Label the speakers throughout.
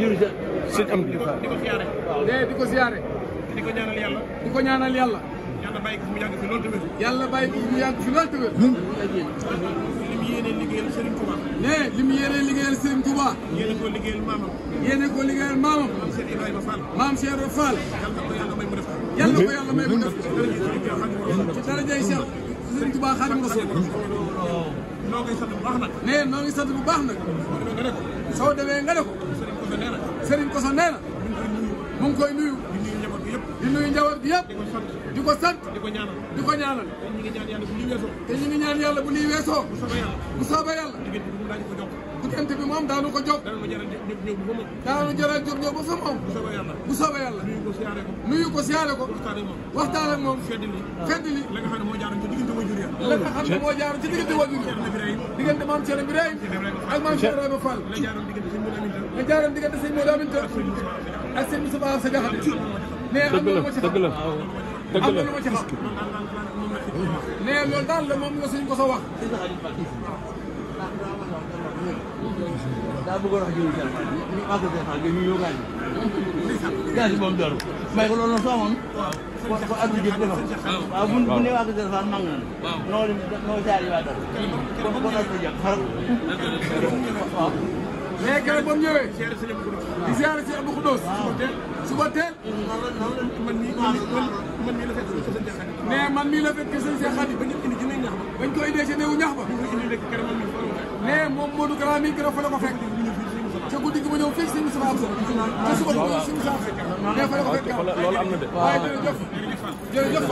Speaker 1: jiiru ca sëñ am di ko siyaare ne eh, di ko siyaare di ko ñaanal yàlla di ko ñaanal yàlla yàlla bàyyi ko fi mu yàgg fi loolu tëwér yàlla bàyyi ko fi mu yàgg fi loolu tëwér hmm. li mu yéene liggéeyal Serigne Touba ne li mu yéene liggéeyal Serigne Touba yéene ko liggéeyal maamam yéene ko liggéeyal maamam maam Cheikh Ibrahima Fall maam Cheikh Ibrahima Fall yàlla ko yàlla may mu def yàlla ko yàlla may mu def ci darajay Cheikh Serigne Touba Xaadimu Rasuul noo ngi sant bu baax nag ne noo ngi sant bu baax nag soo demee nga ne ko Koso nee na. Serigne Koso nee na. mu ngi koy nuyu. di nuyu njaboot gi yëpp. di nuyu njaboot gi yëpp. di ko sant. di ko sant. di ko ñaanal. di ko ñaanal. te ñu ngi ñaan yàlla bu lii weesoo. te ñu ngi ñaan yàlla bu lii weesoo. bu soobee yàlla. bu soobee yàlla. diggante bi mu laaj ko jox. diggante bi moom daanu ko jóg. daanu jëral jóg ñëw ba fa moom. daanu jëral jóg ñëw ba fa moom. bu soobee yàlla bu soobee yàlla. nuyu ko siyaare ko. nuyu ko siyaare ko. waxtaan ak moom waxtaan ak moom. fedd li fedd li. la nga xam ne moo jaaroon ci diggante wajur ya. la nga xam ne moo jaaroon ci diggante wajur ya. diggante maam Thierno Birahim. ak maam Cheikh Ibrahima Fall. la jaaroon diggante sëñ Modou Aminta. la jaaroon diggante sëñ Modou Aminta. ak sëñ Moustapha Sa Diakhaté. dëgg la am na lu ma ci xam. mais loolu daal la moom la suñ ko sa wax
Speaker 2: bëggoon wax jëriñ seen xaalis ñu maa ko seen xaalis ñu ñëw gaañ gaañ moom dara may ko loolu soo moom ko ko addu jëf defa waaw bu bu ne waa ko seen xaalis mang na noo dem noo jaari waa dara ko ko addu jëf xar
Speaker 1: waaw mais keroog ba mu ñëwee di ziare si Abou Khoudoss suba teel suba teel man mii man mii la fekk mais man mii la fekk sëñ Cheikh Khady ba moom Modou Kara mi ngi ko fekk te guddi gi ma ñëw fii si musiba am sa te suba lu si musiba am sa. loolu am na de waaw jërëjëf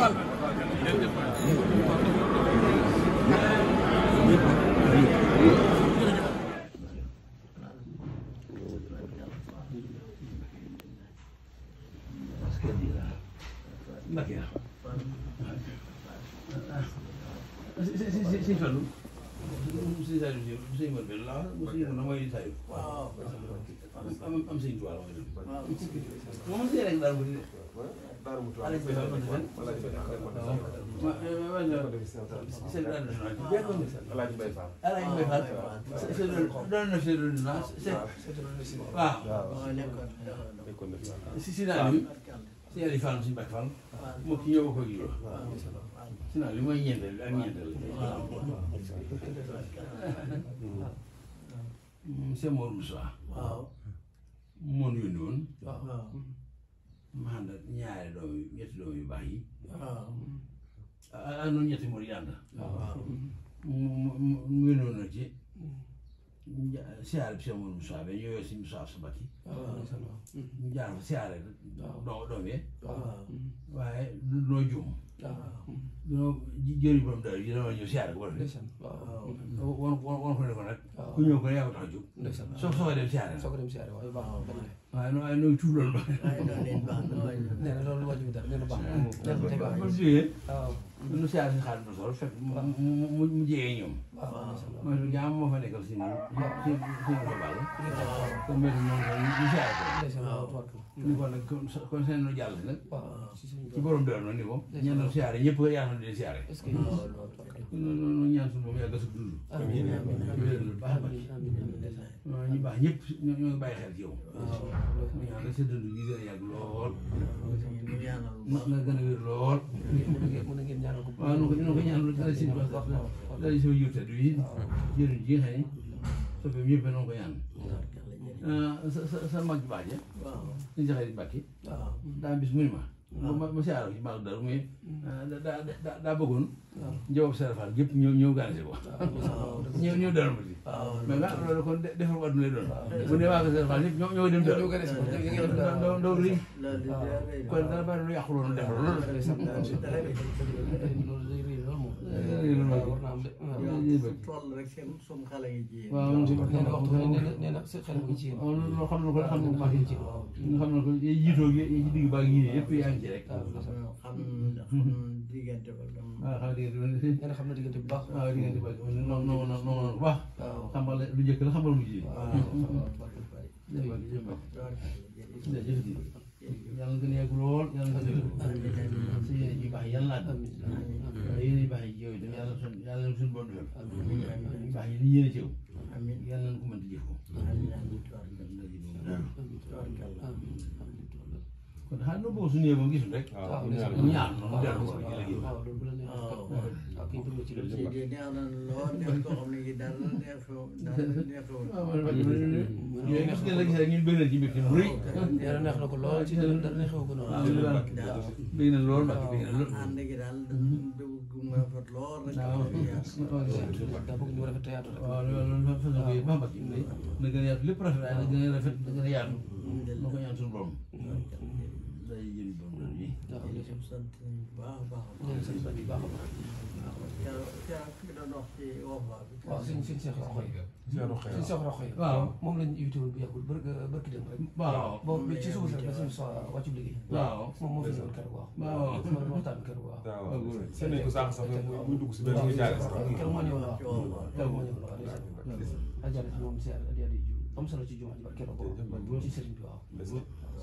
Speaker 2: am am sëñ Tuubaa waaw moom si rek daal mu di daal mu tuwaale ko daal ma di waaw moom yónni woon waaw ah, ah. ma ànd ak ñaari doom yi ñetti doom yu baax yi ah, ah. noonu ñetti moom yi mu yónni woon siyaare bi seen wàllu Moussa bi ñëwee si Moussa Sabati. ñu jaar fa siyaare doo doomee. Mm-hmm. waaye du noo juum. dunoo jëriñ borom daal yi dama ñëw siyaare ko ba def. woon woon ko ne ko nag. ku ñëw ko yaa ko tax a jóg. soo soo dem siyaare soo ko dem siyaare waaye baax na waaye waaye nooy tuub loolu ba. nee na loolu wàññi bi dara nee na baax na. lu saa si xaalis bu sol fekk mu mu mooy lu jaam moo fa nekkal si ñun. si ñu ko bàll. comme météo moom tamit lu saa si. waaw ko nag kon seen lu jàll nag. ci borom doyoon na niveau. ñenn siyaare ñëpp yaatu di siyaare. est-ce que suñu yàgg su dund amiin Amin. Amin. Amin. Amin. ñoo ñu baax ñëpp ñoo ngi bàyyi xel ci yow dulu. ñaanal sa dund gi gën a yàgg lool nga gën a wér lool waaw nu ko nu ko ñaanal dara si baax dara si yu tedd yi jëriñ ji xëy soppe ñëpp noo ko ñaan sa sa sa mag ma ma siyaaroo ci Mbacar Darou mais. Mm. daa daa daa bëggoon. waaw njabootu Serigne Fall yëpp ñëw ñëw gàncax ko. waaw ñëw ñëw Darou Mouhty. mais nag loolu kon defar waat lay doon. bu ne waa Serigne Fall ñëpp dem. ñoo gën a si kon dara bari lu yàqu loolu defar loolu. toll rek seen som xale yi ji waaw waxtu nee na seen xale bu ci waaw loo xam ne ko xam ne baax ci nga xam ne ko yay jiitoo gi yi digg baa ngi yëpp yaa ngi ci rek xam diggante ba waaw xam diggante ba xam na diggante bu baax waaw diggante ba no no no no bu baax xamal lu njëkk la xamal mu ji jërëjëf yàlla gën a yàgg lool yàlla gën a yàgg si yéen yu baax yi yàlla laaj yéen yu baax yi yooyu tam yàlla sun yàlla suñu bon defal yu baax yi li yéen a teew yàlla nañ ko mën di jëf ko kon xaaral nu bëgg su ñëwee moom gisul rek. waaw ñaan moom dellu ko léegi. waaw loolu la neex ak kii dugg ci loolu. neex na lool neex koo xam ne dara neexoo dara neexoo. yooyu nga xam ne gis rek ñu bëgg na ci mbir mu rëy. dara neex na ko lool ci dara dara neexoo ko noonu. waaw bëgg na lool waaw bëgg na lool. ànd gi daal mu rafet lool rek. waaw daa bëgg ñu rafet te yaatu rek. waaw loolu loolu fan la koy baax na gën a yaatu lépp rafet waaye na gën a rafet na gën a yaatu. ma ko ñaan suñu borom. day jël bondoon yi baax baax baax waaw suñ suñ seex roxo yi suñ seex roxo yi waaw moom lañ invité woon bu yàggul bër bërki dem rek waaw boobu ci suba sax suñ so wàccu liggéey waaw moom moo fi ñëwoon keroog waaw moom waxtaan keroog waaw seen nañ ko sax sax muy dugg si benn jaare sax keroog moo ñëw la keroog moo ñëw la ajaare si moom si adiya di am solo ci jumaa ji barke la ko ci sëriñ bi waaw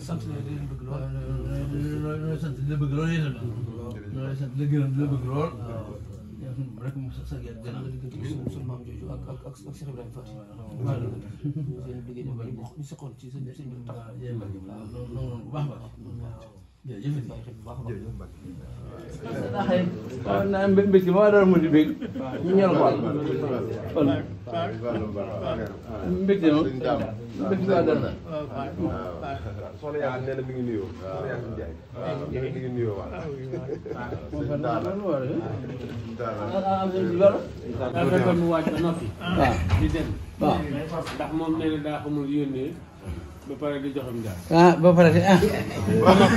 Speaker 2: leen sant leen di leen bëgg lool. looy sant di la bëgg lool yéen a looy sant di la gërëm di la bëgg lool. rek mu sax sax yàgg gannaaw suñu maam jooju ak ak ak Cheikh Ibrahima Faty maa ngi leen di ñu seqoon ci seen seen biir tax bu baax baax jërëjëf waaw naa mbég bi maa doon mën di bég ñu ñor ko wàll
Speaker 1: mbég bi maa doon soxna Yaay nee na mi ngi nuyoo. soxna Yaay Ndiaye. nee na mi ngi nuyoo waaw. sëñ Talla sëñ Talla. mu waaj ba noppi.
Speaker 2: di dem. waaw ndax moom nee na daa xamul yónnee ba pare di joxam njaay. ah ba pare de ah.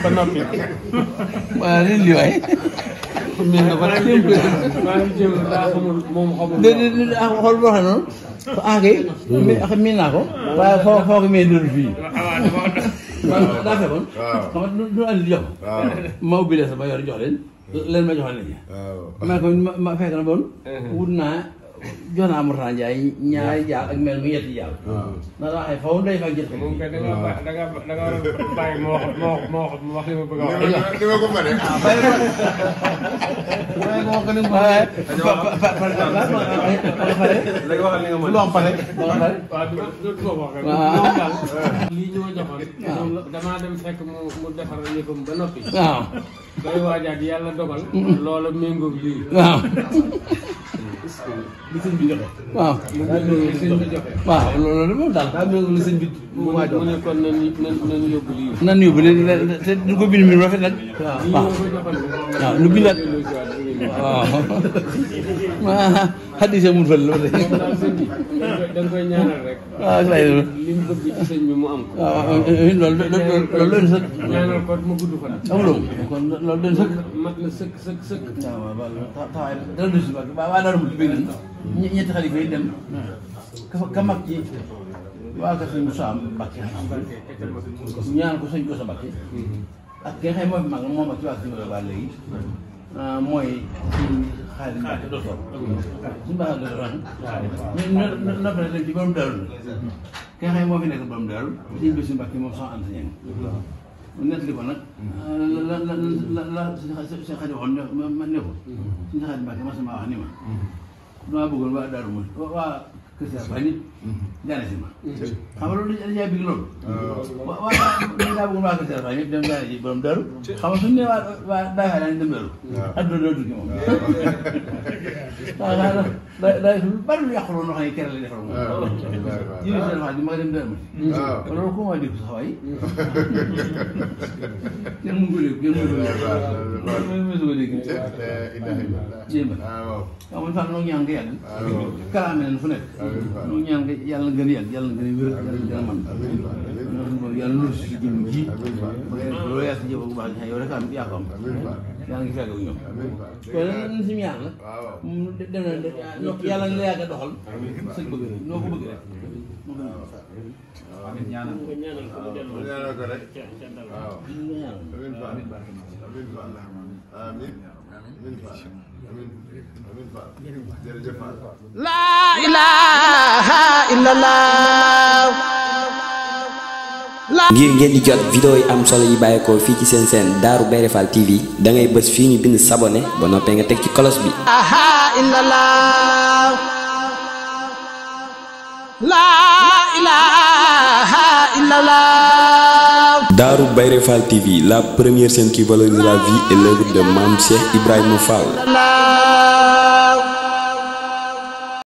Speaker 2: ba noppi. waaw li li waay. mais nag maa ngi jéem daa xamul moom xamul. déedéet xol boo xam noonu. ah kay. miin naa ko. waaye foo foo ko may dund fii. waaw daa fekkoon. waaw xam nga ma ubbi leen sama yor jox leen. leen ma jox leen. waaw ma fekk na bon. Eh. wut naa. jox naa Moussa Ndiaye ñaari jaar ak mel mu yetti jaar. Ah. na la waxee foofu day fay jël. moom kay da nga ah. baax da nga da nga bàyyi moo moo moo wax li ma bëgg a wax. dama ko ah, mën a. waaye moo gën a mën a. da nga wax li nga mën
Speaker 1: a. lu am pare. waaw du ma du ma wax rek. moom daal lii ñu ma joxoon. damaa dem fekk mu mu defar yëfam ba noppi. waaw. bay waajaat yàlla dogal. loola méngóog lii. waaw. waaw waaw
Speaker 2: loolu de moom daal. mu ne kon nan nan yóbbu lii. nan yóbbu te du ko bind mi rafet nag. waaw waaw lu bindaat.
Speaker 1: waaw ah, ma
Speaker 2: xaddise mun fël loolu da nga
Speaker 1: koy ñaanal rek waaw lay li mu bëgg ci sëñ bi mu am ko waaw ah, ah, eh, loolu loolu doon sëkk ñaanal
Speaker 2: ko mu gudd fan amuloo kon loolu doon sëkk mat na sëkk sëkk sëkk waaw taxawaay dara du si waa waa daara mu bëgg na ñetti xalifa yi dem ka mag ji waa ka sëñ Moussa Mbacké ñaan ko sëñ Moussa Mbacké mm-hmm. ak ki nga xam ne moo fi mag moo mag ci waa sëñ Moussa Mbacké léegi Euh, mooy suñu xaalis bi dootoo waaw suñu baax la dootoo waaw. noppale rek ci borom daaru ki nga xam ne moo fi nekk borom daaru suñu bésu si ñoom. nett li ko nag. Euh, la la la la suñu xarit waxoon ne ma ne ko. Mm-hmm. suñu xarit ma sama wax ni ma. damaa waa daaru mooy kër si a nit. jaaree si ma. xam nga loolu dañuy bëgg loolu. waaw waaw waaw daa bëgg waa kër si waaye ñëpp dem jaaree ji borom dëru. xam nga suñu nee waa waa Dakar dañuy dem dëru. waaw adduna doo tukki moom. waaw waaw daa daa lu bari lu yàqu loolu loo xam ne teel a lay defal moom. waaw waaw ma dem dara ma. waaw kon loolu comment dégg sax waay. yan mu ngi ko dégg yan mu ngi ko dégg. waaw waaw waaw waaw dégg. jéem a. waaw waaw man sax noo ñaan nga yàlla. waaw kalaame leen fu nekk. noo ñaan nga yàlla gën a yàgg yàlla gën a wér yàlla gën a mën. yàlla nuyu si suñu ji. loolu yaa si jëf bu baax yow rek am yaa ko am. yaa ngi fekk ak ñoom. loolu nag ñun suñu yàlla. waaw dem la yàgg a doxal. ko bëgg ko ñaanal ko ñaanal ko rek. waaw amiin
Speaker 1: Fall amiin ngir ngeen di jot vidéo yi am solo yi bàyyeekoo fii ci seen seen Darou Bairé Fall TV da ngay bës fii ñu bind sabonné ba noppee nga teg ci kolos bi. Darou Bairé Fall TV la première chaîne qui valorise la vie et de Mame Cheikh Ibrahima Fall.